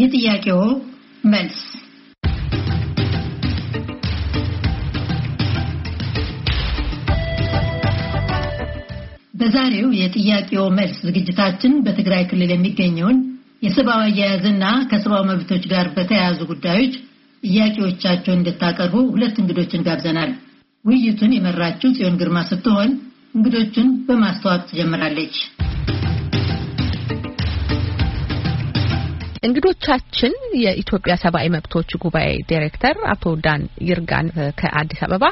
የጥያቄው መልስ በዛሬው የጥያቄው መልስ ዝግጅታችን በትግራይ ክልል የሚገኘውን የሰብአዊ አያያዝና ከሰብአዊ መብቶች ጋር በተያያዙ ጉዳዮች ጥያቄዎቻቸውን እንድታቀርቡ ሁለት እንግዶችን ጋብዘናል። ውይይቱን የመራችው ጽዮን ግርማ ስትሆን እንግዶቹን በማስተዋወቅ ትጀምራለች። እንግዶቻችን የኢትዮጵያ ሰብአዊ መብቶች ጉባኤ ዳይሬክተር አቶ ዳን ይርጋን ከአዲስ አበባ፣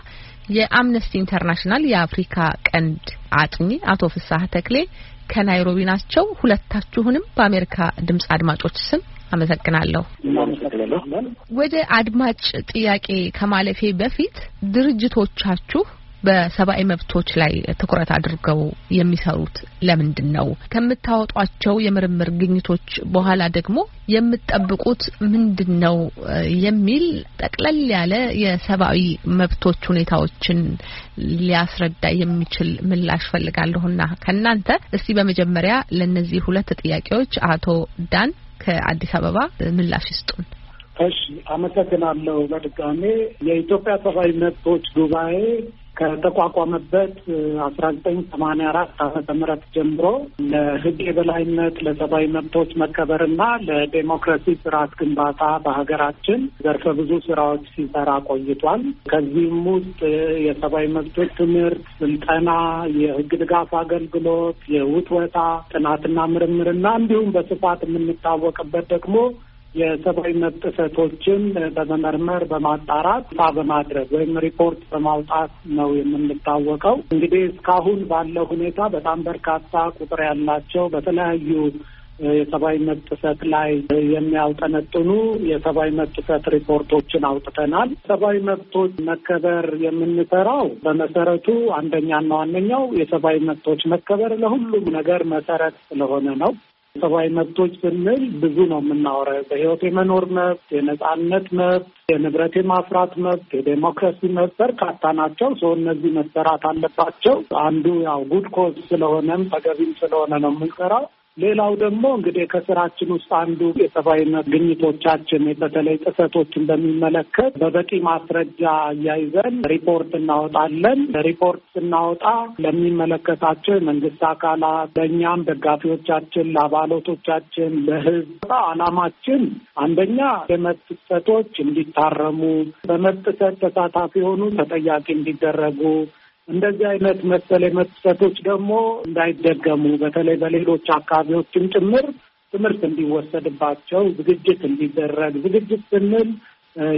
የአምነስቲ ኢንተርናሽናል የአፍሪካ ቀንድ አጥኚ አቶ ፍሳሐ ተክሌ ከናይሮቢ ናቸው። ሁለታችሁንም በአሜሪካ ድምጽ አድማጮች ስም አመሰግናለሁ። ወደ አድማጭ ጥያቄ ከማለፌ በፊት ድርጅቶቻችሁ በሰብአዊ መብቶች ላይ ትኩረት አድርገው የሚሰሩት ለምንድን ነው? ከምታወጧቸው የምርምር ግኝቶች በኋላ ደግሞ የምትጠብቁት ምንድን ነው የሚል ጠቅለል ያለ የሰብአዊ መብቶች ሁኔታዎችን ሊያስረዳ የሚችል ምላሽ ፈልጋለሁና ከእናንተ እስቲ በመጀመሪያ ለእነዚህ ሁለት ጥያቄዎች አቶ ዳን ከአዲስ አበባ ምላሽ ይስጡን። እሺ፣ አመሰግናለሁ። በድጋሜ የኢትዮጵያ ሰብአዊ መብቶች ጉባኤ ከተቋቋመበት አስራ ዘጠኝ ሰማኒያ አራት ዓመተ ምህረት ጀምሮ ለህግ የበላይነት ለሰብአዊ መብቶች መከበርና ለዴሞክራሲ ስርዓት ግንባታ በሀገራችን ዘርፈ ብዙ ስራዎች ሲሰራ ቆይቷል። ከዚህም ውስጥ የሰብአዊ መብቶች ትምህርት፣ ስልጠና፣ የህግ ድጋፍ አገልግሎት፣ የውትወታ ጥናትና ምርምርና እንዲሁም በስፋት የምንታወቅበት ደግሞ የሰብአዊ መብት ጥሰቶችን በመመርመር በማጣራት ፋ በማድረግ ወይም ሪፖርት በማውጣት ነው የምንታወቀው። እንግዲህ እስካሁን ባለው ሁኔታ በጣም በርካታ ቁጥር ያላቸው በተለያዩ የሰብአዊ መብት ጥሰት ላይ የሚያውጠነጥኑ የሰብአዊ መብት ጥሰት ሪፖርቶችን አውጥተናል። ሰብአዊ መብቶች መከበር የምንሰራው በመሰረቱ አንደኛና ዋነኛው የሰብአዊ መብቶች መከበር ለሁሉም ነገር መሰረት ስለሆነ ነው። ሰብአዊ መብቶች ስንል ብዙ ነው የምናወራው። በህይወት የመኖር መብት፣ የነጻነት መብት፣ የንብረት የማፍራት መብት፣ የዴሞክራሲ መብት በርካታ ናቸው። ሰው እነዚህ መሰራት አለባቸው። አንዱ ያው ጉድ ኮዝ ስለሆነም ተገቢም ስለሆነ ነው የምንሰራው። ሌላው ደግሞ እንግዲህ ከስራችን ውስጥ አንዱ የሰብአዊነት ግኝቶቻችን በተለይ ጥሰቶችን በሚመለከት በበቂ ማስረጃ አያይዘን ሪፖርት እናወጣለን። ሪፖርት ስናወጣ ለሚመለከታቸው የመንግስት አካላት፣ ለእኛም ደጋፊዎቻችን፣ ለአባሎቶቻችን፣ ለህዝብ አላማችን አንደኛ የመብት ጥሰቶች እንዲታረሙ፣ በመብት ጥሰት ተሳታፊ የሆኑ ተጠያቂ እንዲደረጉ እንደዚህ አይነት መሰል መክሰቶች ደግሞ እንዳይደገሙ በተለይ በሌሎች አካባቢዎችም ጭምር ትምህርት እንዲወሰድባቸው ዝግጅት እንዲደረግ ዝግጅት ስንል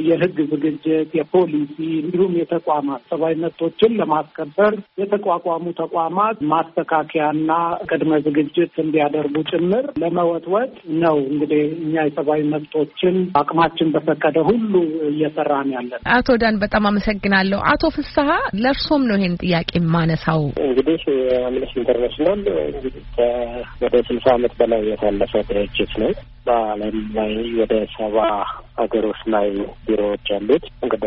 የህግ ዝግጅት፣ የፖሊሲ እንዲሁም የተቋማት ሰብአዊ መብቶችን ለማስከበር የተቋቋሙ ተቋማት ማስተካከያና ቅድመ ዝግጅት እንዲያደርጉ ጭምር ለመወትወት ነው። እንግዲህ እኛ የሰብአዊ መብቶችን አቅማችን በፈቀደ ሁሉ እየሰራን ያለን። አቶ ዳን በጣም አመሰግናለሁ። አቶ ፍስሀ ለእርሶም ነው ይሄን ጥያቄ የማነሳው። እንግዲህ አምነስቲ ኢንተርናሽናል ወደ ስልሳ አመት በላይ የታለፈ ድርጅት ነው። በዓለም ላይ ወደ ሰባ ሀገሮች ላይ ቢሮዎች ያሉት ወደ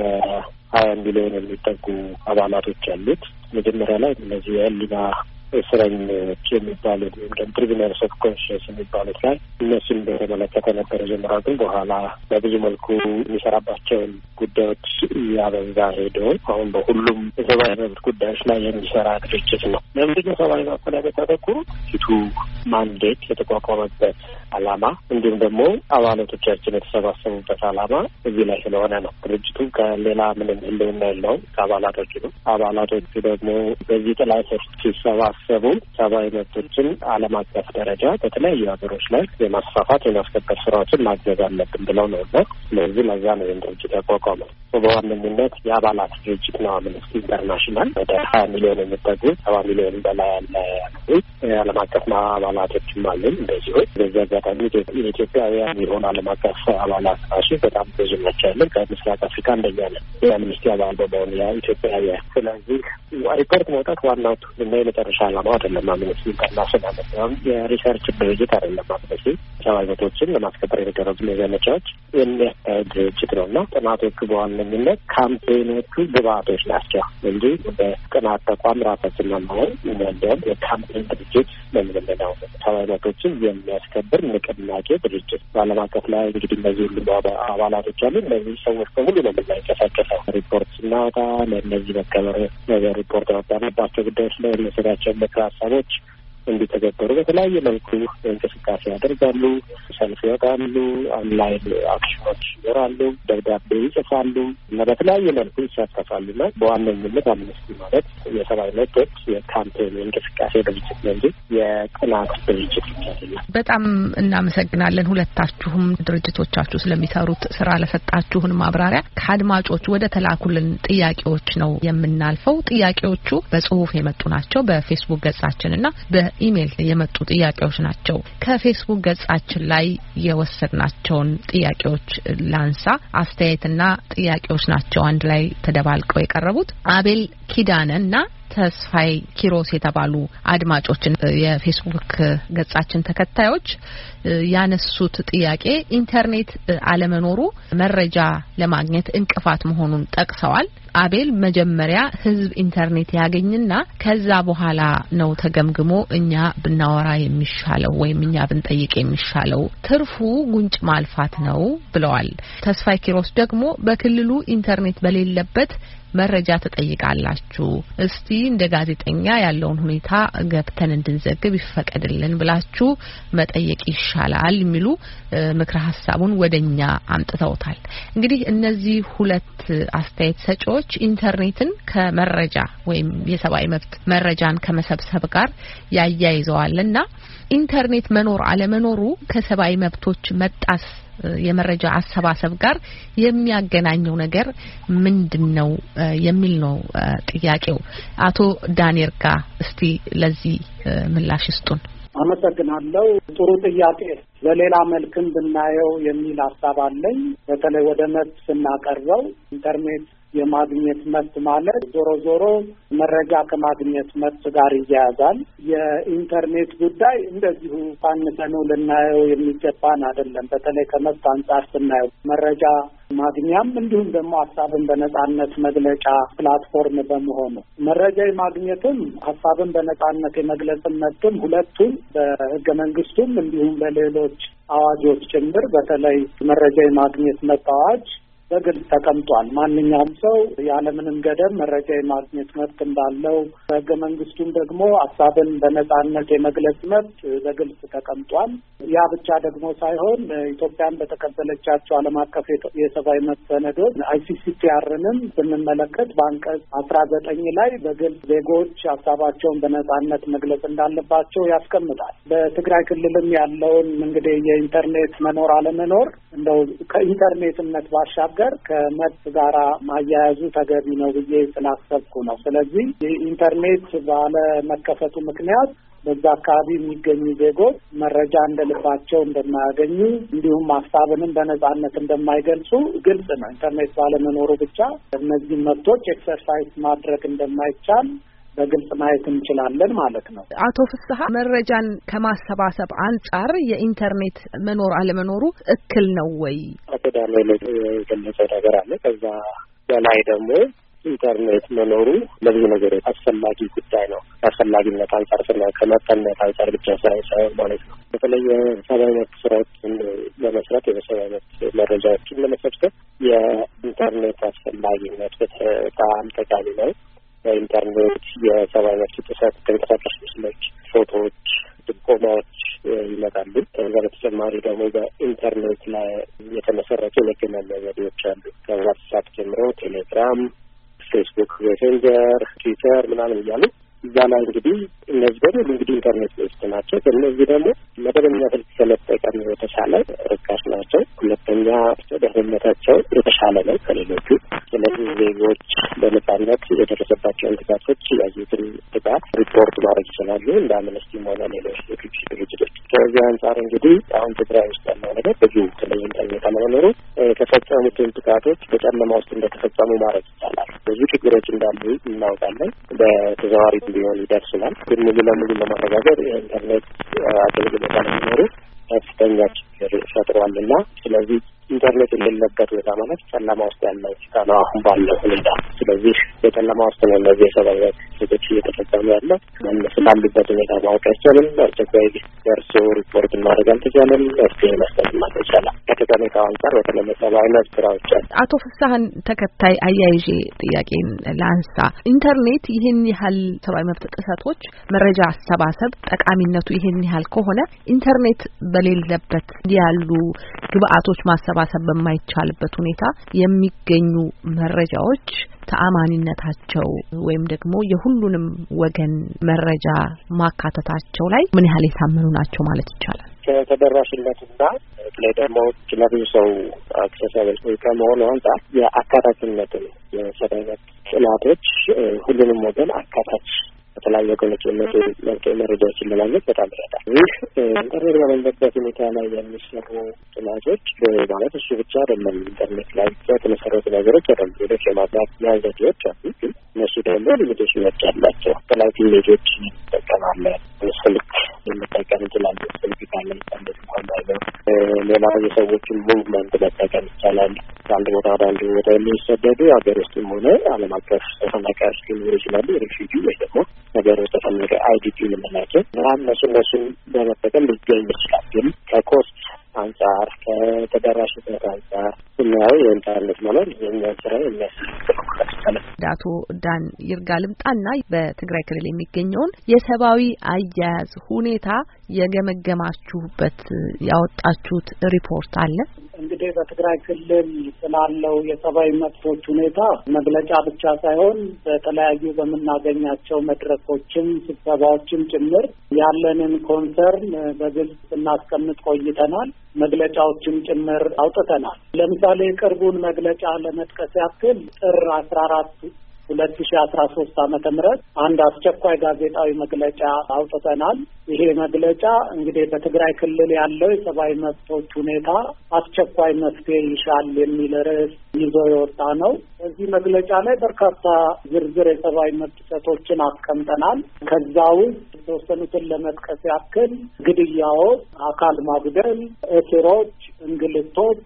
ሀያ ሚሊዮን የሚጠጉ አባላቶች ያሉት መጀመሪያ ላይ እነዚህ የህሊና እስረኞች የሚባሉት ወይም ደግሞ ፕሪዝነርስ ኦፍ ኮንሽንስ የሚባሉት ላይ እነሱን በተመለከተ ነበረ ጀምራ ግን በኋላ በብዙ መልኩ የሚሰራባቸውን ጉዳዮች ያበዛ ሄዶ አሁን በሁሉም የሰብአዊ መብት ጉዳዮች ላይ የሚሰራ ድርጅት ነው። ለምንድነው ሰብአዊ መብት ላይ በተተኩሩ ፊቱ ማንዴት የተቋቋመበት አላማ እንዲሁም ደግሞ አባላቶቻችን የተሰባሰቡበት አላማ እዚህ ላይ ስለሆነ ነው። ድርጅቱ ከሌላ ምንም ህልውና የለውም ከአባላቶቹ ነው። አባላቶቹ ደግሞ በዚህ ጥላ ስር ሲሰባ የታሰቡ ሰብአዊ መብቶችን ዓለም አቀፍ ደረጃ በተለያዩ ሀገሮች ላይ የማስፋፋት የማስከበር ስራዎችን ማገዝ አለብን ብለው ነው እና ስለዚህ ለዛ ነው ይህን ድርጅት ያቋቋመው። በዋነኝነት የአባላት ድርጅት ነው አምነስቲ ኢንተርናሽናል ወደ ሀያ ሚሊዮን የሚጠጉ ሰባ ሚሊዮን በላይ ያለ የዓለም አቀፍ አባላቶችም አሉን። እንደዚሁ በዚህ አጋጣሚ የኢትዮጵያውያን የሆኑ ዓለም አቀፍ አባላት ራሱ በጣም ብዙ ናቸው ያለን። ከምስራቅ አፍሪካ እንደኛ ነን የአምነስቲ አባል በመሆን ኢትዮጵያውያን። ስለዚህ ሪፖርት መውጣት ዋናው እና የመጨረሻ ዓላማው አይደለም። አምነስቲ ኢንተርናሽናል የሪሰርች ድርጅት አይደለም። አምነስቲ ሰብአዊ መብቶችን ለማስከበር የተደረጉ ዘመቻዎች የሚያካሄድ ድርጅት ነው እና ጥናቶቹ በዋነኝነት ካምፔኖቹ ግብአቶች ናቸው እንጂ ወደ ጥናት ተቋም ራሳችን ለመሆን እንዲሁም የካምፔን ድርጅት ለምንለው ሰብአዊ መብቶችን የሚያስከብር ንቅናቄ ድርጅት በዓለም አቀፍ ላይ እንግዲህ እነዚህ ሁሉ አባላቶች አሉ። እነዚህ ሰዎች በሙሉ ነው የምናይንቀሳቀሰው ሪፖርት ስናወጣ ለእነዚህ መከበር ሪፖርት ወጣነባቸው ጉዳዮች ላይ መሰዳቸው የሚመክር ሀሳቦች እንዲተገበሩ በተለያየ መልኩ እንቅስቃሴ ያደርጋሉ፣ ሰልፍ ይወጣሉ፣ ኦንላይን አክሽኖች ይኖራሉ፣ ደብዳቤ ይጽፋሉ እና በተለያየ መልኩ ይሳተፋሉ እና በዋነኝነት አምነስቲ ማለት የሰብአዊ መብቶች የካምፔን እንቅስቃሴ ድርጅት ነው እንጂ የጥናት ድርጅት ብቻ በጣም እናመሰግናለን ሁለታችሁም ድርጅቶቻችሁ ስለሚሰሩት ስራ ለሰጣችሁን ማብራሪያ። ከአድማጮች ወደ ተላኩልን ጥያቄዎች ነው የምናልፈው። ጥያቄዎቹ በጽሁፍ የመጡ ናቸው በፌስቡክ ገጻችን እና በኢሜይል የመጡ ጥያቄዎች ናቸው። ከፌስቡክ ገጻችን ላይ የወሰድናቸውን ጥያቄዎች ላንሳ። አስተያየትና ጥያቄዎች ናቸው አንድ ላይ ተደባልቀው የቀረቡት አቤል ኪዳነ እና ተስፋይ ኪሮስ የተባሉ አድማጮችን የፌስቡክ ገጻችን ተከታዮች ያነሱት ጥያቄ ኢንተርኔት አለመኖሩ መረጃ ለማግኘት እንቅፋት መሆኑን ጠቅሰዋል። አቤል መጀመሪያ ህዝብ ኢንተርኔት ያገኝና ከዛ በኋላ ነው ተገምግሞ እኛ ብናወራ የሚሻለው ወይም እኛ ብንጠይቅ የሚሻለው ትርፉ ጉንጭ ማልፋት ነው ብለዋል። ተስፋይ ኪሮስ ደግሞ በክልሉ ኢንተርኔት በሌለበት መረጃ ትጠይቃላችሁ። እስቲ እንደ ጋዜጠኛ ያለውን ሁኔታ ገብተን እንድንዘግብ ይፈቀድልን ብላችሁ መጠየቅ ይሻላል የሚሉ ምክረ ሀሳቡን ወደኛ አምጥተውታል። እንግዲህ እነዚህ ሁለት አስተያየት ሰጪዎች ኢንተርኔትን ከመረጃ ወይም የሰብአዊ መብት መረጃን ከመሰብሰብ ጋር ያያይዘዋል እና ኢንተርኔት መኖር አለመኖሩ ከሰብአዊ መብቶች መጣስ የመረጃ አሰባሰብ ጋር የሚያገናኘው ነገር ምንድን ነው የሚል ነው ጥያቄው። አቶ ዳንኤል ጋ እስቲ ለዚህ ምላሽ ይስጡን። አመሰግናለሁ። ጥሩ ጥያቄ፣ ለሌላ መልክም ብናየው የሚል ሀሳብ አለኝ። በተለይ ወደ መብት ስናቀርበው ኢንተርኔት የማግኘት መብት ማለት ዞሮ ዞሮ መረጃ ከማግኘት መብት ጋር ይያያዛል። የኢንተርኔት ጉዳይ እንደዚሁ ሳንሰነው ልናየው የሚገባን አይደለም። በተለይ ከመብት አንጻር ስናየው መረጃ ማግኛም እንዲሁም ደግሞ ሀሳብን በነጻነት መግለጫ ፕላትፎርም በመሆኑ መረጃ የማግኘትም ሀሳብን በነጻነት የመግለጽን መብትም ሁለቱም በህገ መንግስቱም እንዲሁም በሌሎች አዋጆች ጭምር በተለይ መረጃ የማግኘት መብት አዋጅ በግልጽ ተቀምጧል። ማንኛውም ሰው ያለምንም ገደብ መረጃ የማግኘት መብት እንዳለው በህገ መንግስቱም ደግሞ ሀሳብን በነጻነት የመግለጽ መብት በግልጽ ተቀምጧል። ያ ብቻ ደግሞ ሳይሆን ኢትዮጵያን በተቀበለቻቸው ዓለም አቀፍ የሰብአዊ መብት ሰነዶች አይሲሲፒአርንም ስንመለከት በአንቀጽ አስራ ዘጠኝ ላይ በግልጽ ዜጎች ሀሳባቸውን በነጻነት መግለጽ እንዳለባቸው ያስቀምጣል። በትግራይ ክልልም ያለውን እንግዲህ የኢንተርኔት መኖር አለመኖር እንደው ከኢንተርኔትነት ባሻገር ነገር ከመብት ጋራ ማያያዙ ተገቢ ነው ብዬ ስላሰብኩ ነው። ስለዚህ ኢንተርኔት ባለመከፈቱ ምክንያት በዛ አካባቢ የሚገኙ ዜጎች መረጃ እንደልባቸው እንደማያገኙ እንዲሁም ሀሳብንም በነጻነት እንደማይገልጹ ግልጽ ነው። ኢንተርኔት ባለመኖሩ ብቻ እነዚህ መብቶች ኤክሰርሳይዝ ማድረግ እንደማይቻል በግልጽ ማየት እንችላለን ማለት ነው። አቶ ፍስሀ መረጃን ከማሰባሰብ አንጻር የኢንተርኔት መኖር አለመኖሩ እክል ነው ወይ? ፌዳል የገለጸው ነገር አለ። ከዛ በላይ ደግሞ ኢንተርኔት መኖሩ ለብዙ ነገሮች አስፈላጊ ጉዳይ ነው። አስፈላጊነት አንጻር ስና ከመጠነት አንጻር ብቻ ሳይሆን ማለት ነው። በተለይ የሰብአዊ መብት ስራዎችን ለመስራት የሰብአዊ መብት መረጃዎችን ለመሰብሰብ የኢንተርኔት አስፈላጊነት በጣም ጠቃሚ ነው። በኢንተርኔት የሰብአዊ መብት ጥሰት ተንቀሳቃሽ ምስሎች፣ ፎቶዎች ድጎማዎች ይመጣሉ። ከዛ በተጨማሪ ደግሞ በኢንተርኔት ላይ የተመሰረቱ የመገናኛ ዘዴዎች አሉ። ከዋትሳፕ ጀምሮ ቴሌግራም ፌስቡክ፣ ሜሴንጀር፣ ትዊተር ምናምን እያሉ እዛ ላይ እንግዲህ እነዚህ በሙሉ እንግዲህ ኢንተርኔት ቤዝድ ናቸው። በእነዚህ ደግሞ መደበኛ ስልክ ከመጠቀም የተሻለ ርካሽ ናቸው። ሁለተኛ ደህንነታቸው የተሻለ ነው ከሌሎቹ። ስለዚህ ዜጎች በነጻነት የደረሰባቸውን ጥቃቶች ያዩትን ጥቃት ሪፖርት ማድረግ ይችላሉ እንደ አምነስቲም ሆነ ሌሎች ድርጅ ድርጅቶች። ከዚህ አንጻር እንግዲህ አሁን ትግራይ ውስጥ ያለው ነገር ብዙ በተለይ ኢንተርኔት አለመኖሩ የተፈጸሙትን ጥቃቶች በጨለማ ውስጥ እንደተፈጸሙ ማድረግ ይቻላል። ብዙ ችግሮች እንዳሉ እናውቃለን። በተዘዋዋሪ ቢሆን ይደርሱናል፣ ግን ሙሉ ለሙሉ ለማረጋገጥ የኢንተርኔት አገልግሎት አለመኖሩ ከፍተኛ ችግር ፈጥሯል እና ስለዚህ ኢንተርኔት የሌለበት ቦታ ማለት ጨለማ ውስጥ ያለ ሁኔታ ነው አሁን ባለው ሁኔታ። ስለዚህ በጨለማ ውስጥ ነው እነዚህ የሰብአዊ ሴቶች እየተፈጸሙ ያለ እነሱ ባሉበት ሁኔታ ማወቅ አይቻልም። አስቸኳይ ደርሶ ሪፖርት ማድረግ አልተቻለም። መፍትሄ መስጠት አልተቻለም። ከጠቀሜታው አንጻር በተለይ ሰብአዊ መብት ስራዎች አሉ። አቶ ፍሳህን ተከታይ አያይዤ ጥያቄን ለአንሳ ኢንተርኔት ይህን ያህል ሰብአዊ መብት ጥሰቶች መረጃ አሰባሰብ ጠቃሚነቱ ይህን ያህል ከሆነ ኢንተርኔት በሌለበት ያሉ ግብአቶች ማሰባ ማሰባሰብ በማይቻልበት ሁኔታ የሚገኙ መረጃዎች ተአማኒነታቸው ወይም ደግሞ የሁሉንም ወገን መረጃ ማካተታቸው ላይ ምን ያህል የታመኑ ናቸው ማለት ይቻላል? ከተደራሽነትና ላይ ደግሞ ለብዙ ሰው አክሰሳብል ከመሆኑ አንጻር የአካታችነትን የሰዳይነት ጥናቶች ሁሉንም ወገን አካታች በተለያየ ገለጭ ወገኖች መልቀ መረጃዎችን ለማግኘት በጣም ይረዳል። ይህ ኢንተርኔት በመንበበት ሁኔታ ላይ የሚሰሩ ጥናቶች ማለት እሱ ብቻ አይደለም። ኢንተርኔት ላይ የተመሰረቱ ነገሮች አይደሉ። ሌሎች የማጥናት መያዘ ዜዎች አሉ። ግን እነሱ ደግሞ ሊሚቴሽኖች አላቸው። ተለያዩ ኢሜጆች እንጠቀማለን። ስልክ ልንጠቀም እንችላለን። ስልክ ካለ ኢንተርኔት እንኳን ባይኖር ሌላ የሰዎችን ሙቭመንት መጠቀም ይቻላል። ከአንድ ቦታ ወደ አንድ ቦታ የሚሰደዱ ሀገር ውስጥም ሆነ ዓለም አቀፍ ተፈናቃዮች ሊኖሩ ይችላሉ። ሪፊጂ ወይ ደግሞ ነገር የተፈለገ አይዲፒ የምንላቸው እነሱ እነሱን በመጠቀም ሊገኝ ይችላል። ግን ከኮስት አንጻር ከተደራሽነት አንጻር ስናየው የኢንተርኔት መኖር የኛ ስራ የሚያስችል አቶ ዳን ይርጋ ልምጣና በትግራይ ክልል የሚገኘውን የሰብአዊ አያያዝ ሁኔታ የገመገማችሁበት ያወጣችሁት ሪፖርት አለ? እንግዲህ በትግራይ ክልል ስላለው የሰብአዊ መብቶች ሁኔታ መግለጫ ብቻ ሳይሆን በተለያዩ በምናገኛቸው መድረኮችም ስብሰባዎችም ጭምር ያለንን ኮንሰርን በግልጽ ስናስቀምጥ ቆይተናል። መግለጫዎችን ጭምር አውጥተናል። ለምሳሌ ቅርቡን መግለጫ ለመጥቀስ ያክል ጥር አስራ አራት ሁለት ሺ አስራ ሶስት አመተ ምህረት አንድ አስቸኳይ ጋዜጣዊ መግለጫ አውጥተናል። ይሄ መግለጫ እንግዲህ በትግራይ ክልል ያለው የሰብአዊ መብቶች ሁኔታ አስቸኳይ መፍትሄ ይሻል የሚል ርዕስ ይዞ የወጣ ነው። በዚህ መግለጫ ላይ በርካታ ዝርዝር የሰብአዊ መብት ጥሰቶችን አስቀምጠናል። ከዛ ውስጥ የተወሰኑትን ለመጥቀስ ያክል ግድያዎች፣ አካል ማጉደል፣ እስሮች፣ እንግልቶች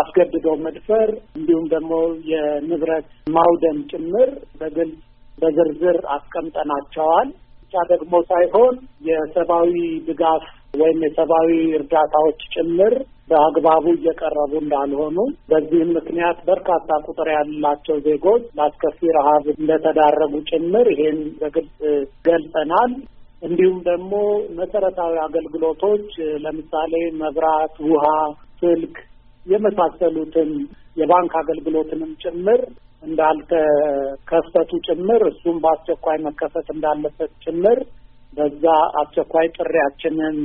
አስገድዶ መድፈር እንዲሁም ደግሞ የንብረት ማውደም ጭምር በግልጽ በዝርዝር አስቀምጠናቸዋል። ብቻ ደግሞ ሳይሆን የሰብአዊ ድጋፍ ወይም የሰብአዊ እርዳታዎች ጭምር በአግባቡ እየቀረቡ እንዳልሆኑ በዚህም ምክንያት በርካታ ቁጥር ያላቸው ዜጎች ለአስከፊ ረሀብ እንደተዳረጉ ጭምር ይሄን በግልጽ ገልጸናል። እንዲሁም ደግሞ መሰረታዊ አገልግሎቶች ለምሳሌ መብራት፣ ውሃ፣ ስልክ የመሳሰሉትን የባንክ አገልግሎትንም ጭምር እንዳልተከፈቱ ጭምር እሱም በአስቸኳይ መከፈት እንዳለበት ጭምር በዛ አስቸኳይ ጥሪያችንን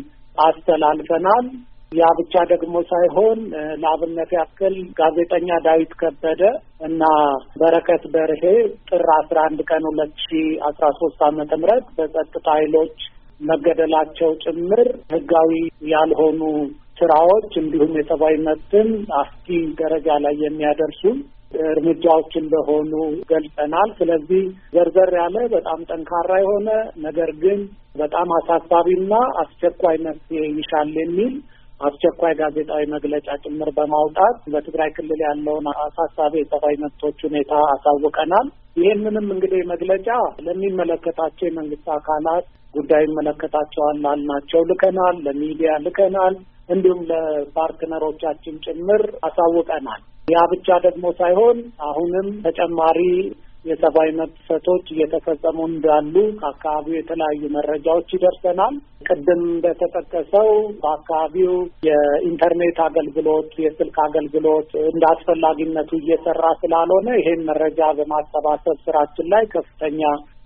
አስተላልፈናል። ያ ብቻ ደግሞ ሳይሆን ለአብነት ያክል ጋዜጠኛ ዳዊት ከበደ እና በረከት በርሄ ጥር አስራ አንድ ቀን ሁለት ሺ አስራ ሶስት አመተ ምህረት በጸጥታ ኃይሎች መገደላቸው ጭምር ህጋዊ ያልሆኑ ስራዎች እንዲሁም የሰብአዊ መብትን አስጊ ደረጃ ላይ የሚያደርሱ እርምጃዎች እንደሆኑ ገልጸናል። ስለዚህ ዘርዘር ያለ በጣም ጠንካራ የሆነ ነገር ግን በጣም አሳሳቢና አስቸኳይ መፍትሄ ይሻል የሚል አስቸኳይ ጋዜጣዊ መግለጫ ጭምር በማውጣት በትግራይ ክልል ያለውን አሳሳቢ የሰብአዊ መብቶች ሁኔታ አሳውቀናል። ይህንንም እንግዲህ መግለጫ ለሚመለከታቸው የመንግስት አካላት ጉዳይ ይመለከታቸዋል ላልናቸው ልከናል፣ ለሚዲያ ልከናል፣ እንዲሁም ለፓርትነሮቻችን ጭምር አሳውቀናል። ያ ብቻ ደግሞ ሳይሆን አሁንም ተጨማሪ የሰብአዊ መብት ጥሰቶች እየተፈጸሙ እንዳሉ ከአካባቢው የተለያዩ መረጃዎች ይደርሰናል። ቅድም እንደተጠቀሰው በአካባቢው የኢንተርኔት አገልግሎት፣ የስልክ አገልግሎት እንደ አስፈላጊነቱ እየሰራ ስላልሆነ ይሄን መረጃ በማሰባሰብ ስራችን ላይ ከፍተኛ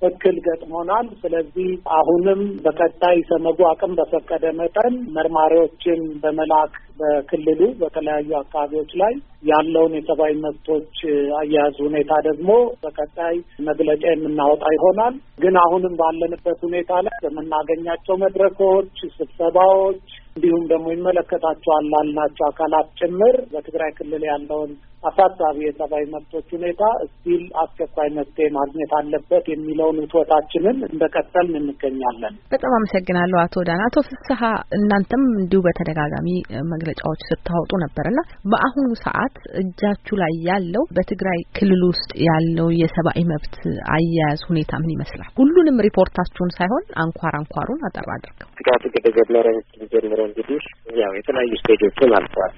እክል ገጥሞናል። ስለዚህ አሁንም በቀጣይ ሰመጉ አቅም በፈቀደ መጠን መርማሪዎችን በመላክ በክልሉ በተለያዩ አካባቢዎች ላይ ያለውን የሰብአዊ መብቶች አያያዝ ሁኔታ ደግሞ በቀጣይ መግለጫ የምናወጣ ይሆናል። ግን አሁንም ባለንበት ሁኔታ ላይ በምናገኛቸው መድረኮች፣ ስብሰባዎች እንዲሁም ደግሞ ይመለከታቸዋል ላልናቸው አካላት ጭምር በትግራይ ክልል ያለውን አሳሳቢ የሰብአዊ መብቶች ሁኔታ እስቲል አስቸኳይ መፍትሄ ማግኘት አለበት የሚለውን ውትወታችንን እንደቀጠል እንገኛለን። በጣም አመሰግናለሁ አቶ ዳና። አቶ ፍስሀ እናንተም እንዲሁ በተደጋጋሚ መግለጫዎች ስታወጡ ነበርና በአሁኑ ሰዓት እጃችሁ ላይ ያለው በትግራይ ክልል ውስጥ ያለው የሰብአዊ መብት አያያዝ ሁኔታ ምን ይመስላል? ሁሉንም ሪፖርታችሁን ሳይሆን አንኳር አንኳሩን አጠራ አድርገው ጥቃቱ ከተጀመረ ጀምሮ እንግዲህ ያው የተለያዩ ስቴጆችን አልፏል፣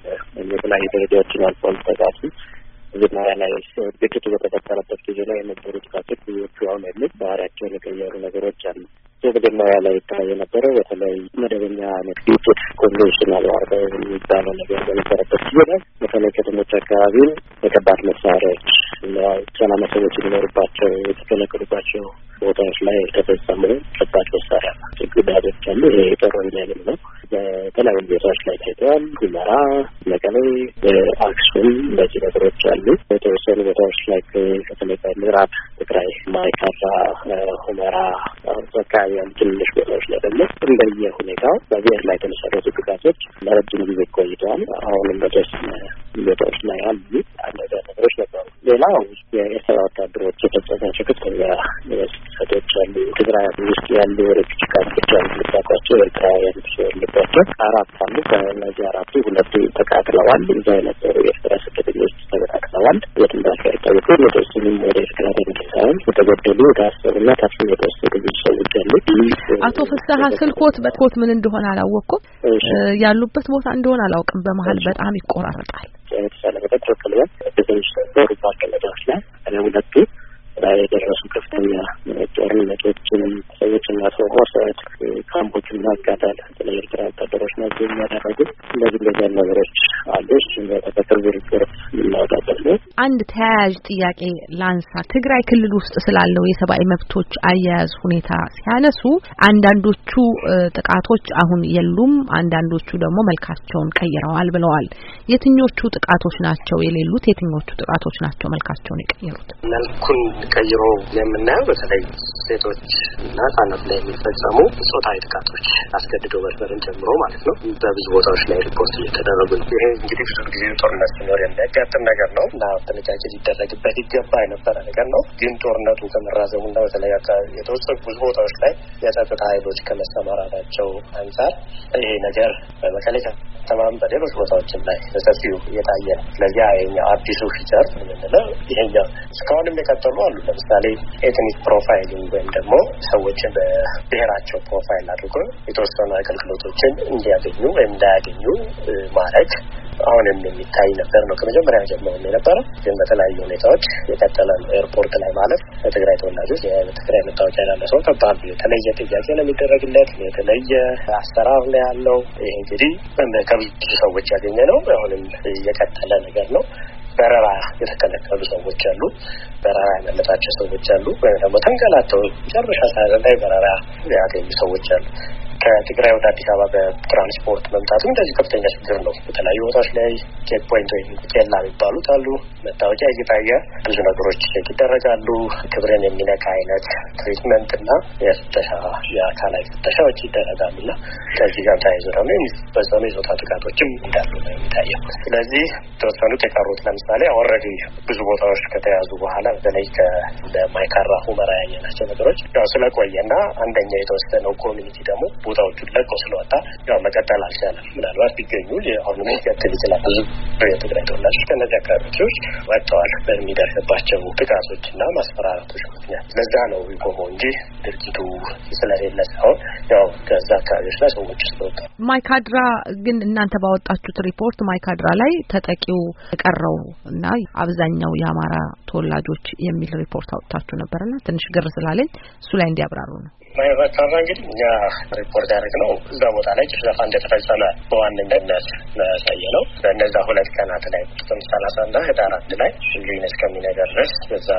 የተለያዩ ደረጃዎችን አልፏል። ተጋሱ መጀመሪያ ላይ ግጭቱ በተፈጠረበት ጊዜ ላይ የነበሩት ካሴት ብዙዎቹ አሁን ያሉት ባህሪያቸውን የቀየሩ ነገሮች አሉ። የመጀመሪያ ላይ ይታይ የነበረው በተለይ መደበኛ አይነት ኮንቬንሽናል ዋር የሚባለው ነገር በነበረበት ጊዜ ላይ በተለይ ከተሞች አካባቢም የከባድ መሳሪያዎች ሰላማ ሰዎች የሚኖሩባቸው የተከለከሉባቸው ቦታዎች ላይ የተፈጸሙ ከባድ መሳሪያ ጉዳቶች አሉ። ይሄ የጦር ወንጀልም ነው። በተለያዩ ቦታዎች ላይ ታይተዋል። ሁመራ፣ መቀሌ፣ አክሱም እነዚህ ነገሮች አሉ። የተወሰኑ ቦታዎች ላይ በተለይ በምዕራብ ትግራይ ማይካድራ፣ ሁመራ አካባቢ ያሉ ትንንሽ ቦታዎች ላይ ደግሞ እንደየ ሁኔታው በብሔር ላይ የተመሰረቱ ጥቃቶች ለረጅም ጊዜ ቆይተዋል። አሁንም በተወሰነ ቦታዎች ላይ አሉ። አነዛ ነገሮች ነበሩ። ሌላው የኤርትራ ወታደሮች የፈጸሟቸው ከፍተኛ ስህተቶች አሉ። ትግራይ ውስጥ ያሉ ሬፒጅ ካምፖች አሉ። ልታቋቸው ኤርትራውያን ያለባቸው አራት አሉ። ከእነዚህ አራቱ ሁለቱ ተቃጥለዋል። እዛ የነበሩ የኤርትራ ተመልሰዋል። የት እንዳቸው አይታወቅም። የተወሰኑም ወደ ኤርትራ ሳይሆን የተገደሉ ወደ አሰብና ታፍሰው የተወሰዱ ብዙ ሰዎች ያሉት አቶ ፍስሀ ስልኮት በኮት ምን እንደሆነ አላወቅኩም። ያሉበት ቦታ እንደሆነ አላውቅም። በመሀል በጣም ይቆራረጣል። የተሳለ መጠጥ ብዙዎች ሩባ ላይ ሁለቱ ላይ የደረሱ ከፍተኛ ጦርነቶችንም ካምፖችን ማቃጠል ስለ ኤርትራ ወታደሮች ናቸው የሚያደረጉት እንደዚህ እንደዚህ ነገሮች አሉ። እሱ በቅርብ ሪፖርት የምናወጣ አንድ ተያያዥ ጥያቄ ላንሳ። ትግራይ ክልል ውስጥ ስላለው የሰብአዊ መብቶች አያያዝ ሁኔታ ሲያነሱ አንዳንዶቹ ጥቃቶች አሁን የሉም፣ አንዳንዶቹ ደግሞ መልካቸውን ቀይረዋል ብለዋል። የትኞቹ ጥቃቶች ናቸው የሌሉት? የትኞቹ ጥቃቶች ናቸው መልካቸውን የቀየሩት? መልኩን ቀይሮ የምናየው በተለይ ሴቶች እና ህጻናት ላይ የሚፈጸሙ ጾታዊ ጥቃቶች አስገድዶ መድፈርን ጀምሮ ማለት ነው በብዙ ቦታዎች ላይ ሪፖርት እየተደረጉ ነው። ይሄ እንግዲህ ብዙ ጊዜ ጦርነት ሲኖር የሚያጋጥም ነገር ነው። እና አመነጫጨት ሊደረግበት ይገባ የነበረ ነገር ነው። ግን ጦርነቱ ከመራዘሙና በተለይ አካባቢ የተወሰኑ ብዙ ቦታዎች ላይ የጸጥታ ኃይሎች ከመሰማራታቸው አንጻር ይሄ ነገር በመቀሌ ከተማም በሌሎች ቦታዎችም ላይ በሰፊው እየታየ ነው። ስለዚህ ይኸኛው አዲሱ ፊቸር የምንለው ይሄኛው እስካሁንም የቀጠሉ አሉ። ለምሳሌ ኤትኒክ ፕሮፋይሊንግ ወይም ደግሞ ሰዎችን በብሔራቸው ፕሮፋይል አድርጎ የተወሰኑ አገልግሎቶችን እንዲያገኙ ወይም እንዳያገኙ ማድረግ አሁንም የሚታይ ነበር ነው። ከመጀመሪያ ጀምሮ ነበር፣ ግን በተለያዩ ሁኔታዎች የቀጠለ ነው። ኤርፖርት ላይ ማለት በትግራይ ተወላጆች የትግራይ መታወቂያ ያለ ሰው ከባድ የተለየ ጥያቄ ነው የሚደረግለት፣ የተለየ አሰራር ነው ያለው። ይህ እንግዲህ ከብዙ ሰዎች ያገኘ ነው። አሁንም የቀጠለ ነገር ነው። በረራ የተከለከሉ ሰዎች አሉ። በረራ ያመለጣቸው ሰዎች አሉ። ወይም ደግሞ ተንገላተው መጨረሻ ሰዓት ላይ በረራ ያገኙ ሰዎች አሉ። ከትግራይ ወደ አዲስ አበባ በትራንስፖርት መምጣቱ እንደዚህ ከፍተኛ ችግር ነው። በተለያዩ ቦታዎች ላይ ቼክ ፖይንት ወይም ኬላ የሚባሉት አሉ። መታወቂያ እየታየ ብዙ ነገሮች ይደረጋሉ። ክብርን የሚነካ አይነት ትሪትመንት እና የፍተሻ የአካላዊ ፍተሻዎች ይደረጋሉ እና ከዚህ ጋር ተያይዞ ደግሞ የሚፈጸሙ የጾታ ጥቃቶችም እንዳሉ ነው የሚታየው። ስለዚህ የተወሰኑት የቀሩት ለምሳሌ ኦልሬዲ ብዙ ቦታዎች ከተያዙ በኋላ በተለይ ከማይካራ ሁመራ ያየናቸው ነገሮች ስለቆየ እና አንደኛው የተወሰነው ኮሚኒቲ ደግሞ ቦታዎቹን ለቆ ስለወጣ ያው መቀጠል አልቻለም። ምናልባት ቢገኙ የአሁኑ ሊቀጥል ይችላል። ብዙ የትግራይ ተወላጆች ከእነዚህ አካባቢዎች ወጥተዋል በሚደርስባቸው ጥቃቶችና ማስፈራራቶች ምክንያት። ለዛ ነው የቆመው እንጂ ድርጅቱ ስለሌለ ሳይሆን ያው ከዛ አካባቢዎች ላይ ሰዎች ስለወጣ። ማይካድራ ግን እናንተ ባወጣችሁት ሪፖርት ማይካድራ ላይ ተጠቂው የቀረው እና አብዛኛው የአማራ ተወላጆች የሚል ሪፖርት አውጥታችሁ ነበርና ትንሽ ግር ስላለኝ እሱ ላይ እንዲያብራሩ ነው። ማይበካራ እንግዲህ እኛ ሪፖርት ያደረግነው እዛ ቦታ ላይ ጭፍጨፋ እንደተፈጸመ በዋነኝነት ያሳየ ነው። በእነዛ ሁለት ቀናት ላይ ጥቅምት እና ህዳር አንድ ላይ ልዩን እስከሚነገር ድረስ በዛ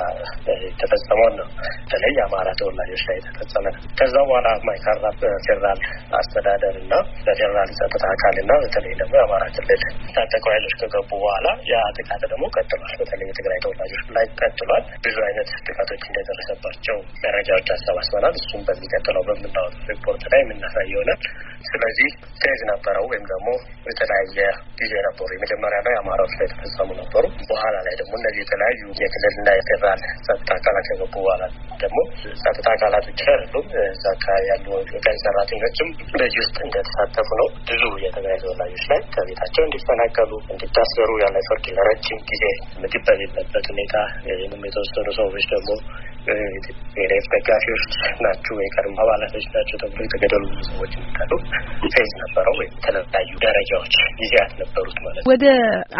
የተፈጸመውን ነው። በተለይ የአማራ ተወላጆች ላይ የተፈጸመ ነው። ከዛ በኋላ ማይካራ በፌዴራል አስተዳደር እና በፌዴራል ጸጥታ አካል እና በተለይ ደግሞ የአማራ ክልል ታጠቁ ኃይሎች ከገቡ በኋላ ያ ጥቃት ደግሞ ቀጥሏል። በተለይ የትግራይ ተወላጆች ላይ ቀጥሏል። ብዙ አይነት ጥቃቶች እንደደረሰባቸው መረጃዎች አሰባስበናል። እሱም በዚ በሚቀጥለው በምናወጥ ሪፖርት ላይ የምናሳይ ይሆናል። ስለዚህ ፌዝ ነበረው ወይም ደግሞ የተለያየ ጊዜ ነበሩ። የመጀመሪያ ላይ አማራዎች ላይ የተፈጸሙ ነበሩ። በኋላ ላይ ደግሞ እነዚህ የተለያዩ የክልልና የፌዴራል ጸጥታ አካላት ከገቡ በኋላ ደግሞ ጸጥታ አካላት ብቻ አይደሉም። እዛ አካባቢ ያሉ ቀን ሰራተኞችም በዚህ ውስጥ እንደተሳተፉ ነው። ብዙ የትግራይ ተወላጆች ላይ ከቤታቸው እንዲፈናቀሉ፣ እንዲታሰሩ ያለ ፍርድ ለረጅም ጊዜ ምግብ በሌለበት ሁኔታ የተወሰኑ ሰዎች ደግሞ ብሔራዊ ደጋፊዎች ናቸው ወይ ቀድሞ አባላቶች ናቸው ተብሎ የተገደሉ ሰዎች የሚታሉ ፌዝ ነበረው ወይም የተለያዩ ደረጃዎች ጊዜያት ነበሩት ማለት ነው። ወደ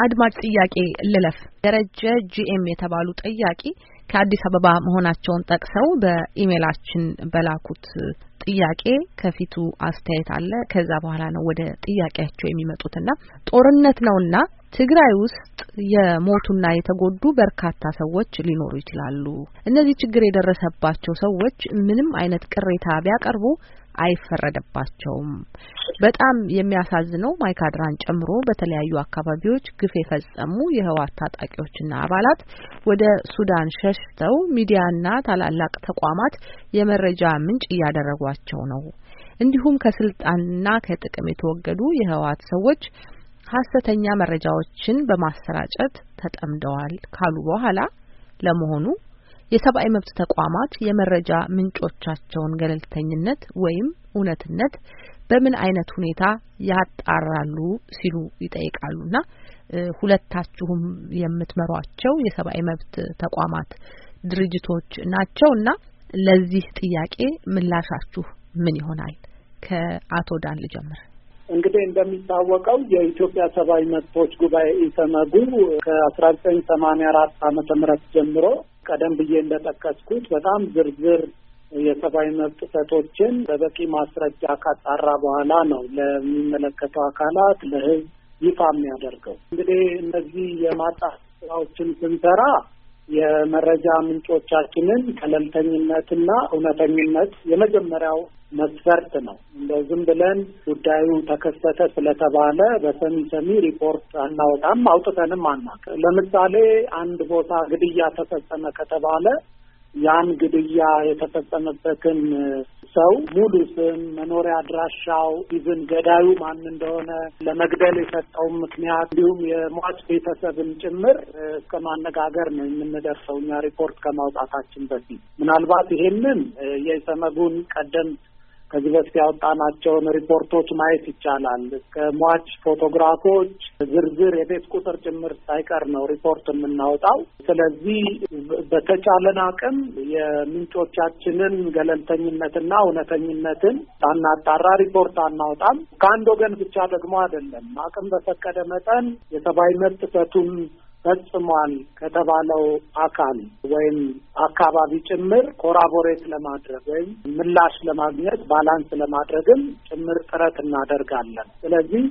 አድማጭ ጥያቄ ልለፍ። ደረጀ ጂኤም የተባሉ ጠያቂ ከአዲስ አበባ መሆናቸውን ጠቅሰው በኢሜላችን በላኩት ጥያቄ ከፊቱ አስተያየት አለ። ከዛ በኋላ ነው ወደ ጥያቄያቸው የሚመጡትና ጦርነት ነውና ትግራይ ውስጥ የሞቱና የተጎዱ በርካታ ሰዎች ሊኖሩ ይችላሉ። እነዚህ ችግር የደረሰባቸው ሰዎች ምንም አይነት ቅሬታ ቢያቀርቡ አይፈረደባቸውም። በጣም የሚያሳዝነው ማይካድራን ጨምሮ በተለያዩ አካባቢዎች ግፍ የፈጸሙ የህወሓት ታጣቂዎችና አባላት ወደ ሱዳን ሸሽተው ሚዲያና ታላላቅ ተቋማት የመረጃ ምንጭ እያደረጓቸው ነው። እንዲሁም ከስልጣንና ከጥቅም የተወገዱ የህወሓት ሰዎች ሀሰተኛ መረጃዎችን በማሰራጨት ተጠምደዋል ካሉ በኋላ ለመሆኑ የሰብአዊ መብት ተቋማት የመረጃ ምንጮቻቸውን ገለልተኝነት ወይም እውነትነት በምን አይነት ሁኔታ ያጣራሉ ሲሉ ይጠይቃሉና ሁለታችሁም የምትመሯቸው የሰብአዊ መብት ተቋማት ድርጅቶች ናቸውና ለዚህ ጥያቄ ምላሻችሁ ምን ይሆናል? ከአቶ ዳን ልጀምር። እንግዲህ እንደሚታወቀው የኢትዮጵያ ሰብአዊ መብቶች ጉባኤ ኢሰመጉ ከአስራ ዘጠኝ ሰማንያ አራት ዓመተ ምህረት ጀምሮ ቀደም ብዬ እንደጠቀስኩት በጣም ዝርዝር የሰብአዊ መብት ጥሰቶችን በበቂ ማስረጃ ካጣራ በኋላ ነው ለሚመለከተው አካላት ለህዝብ ይፋ የሚያደርገው። እንግዲህ እነዚህ የማጣት ስራዎችን ስንሰራ የመረጃ ምንጮቻችንን ገለልተኝነትና እውነተኝነት የመጀመሪያው መስፈርት ነው። እንደ ዝም ብለን ጉዳዩ ተከሰተ ስለተባለ በሰሚ ሰሚ ሪፖርት አናወጣም፣ አውጥተንም አናውቅ። ለምሳሌ አንድ ቦታ ግድያ ተፈጸመ ከተባለ ያን ግድያ የተፈጸመበትን ሰው ሙሉ ስም፣ መኖሪያ አድራሻው፣ ኢቭን ገዳዩ ማን እንደሆነ፣ ለመግደል የሰጠውን ምክንያት እንዲሁም የሟች ቤተሰብን ጭምር እስከ ማነጋገር ነው የምንደርሰው እኛ ሪፖርት ከማውጣታችን በፊት ምናልባት ይሄንን የሰመጉን ቀደምት ከዚህ በፊት ያወጣናቸውን ሪፖርቶች ማየት ይቻላል። ሟች ፎቶግራፎች ዝርዝር የቤት ቁጥር ጭምር ሳይቀር ነው ሪፖርት የምናወጣው። ስለዚህ በተቻለን አቅም የምንጮቻችንን ገለልተኝነትና እውነተኝነትን ሳናጣራ ሪፖርት አናወጣም። ከአንድ ወገን ብቻ ደግሞ አይደለም። አቅም በፈቀደ መጠን የሰብአዊ መብት ጥሰቱን ፈጽሟል ከተባለው አካል ወይም አካባቢ ጭምር ኮራቦሬት ለማድረግ ወይም ምላሽ ለማግኘት ባላንስ ለማድረግም ጭምር ጥረት እናደርጋለን። ስለዚህ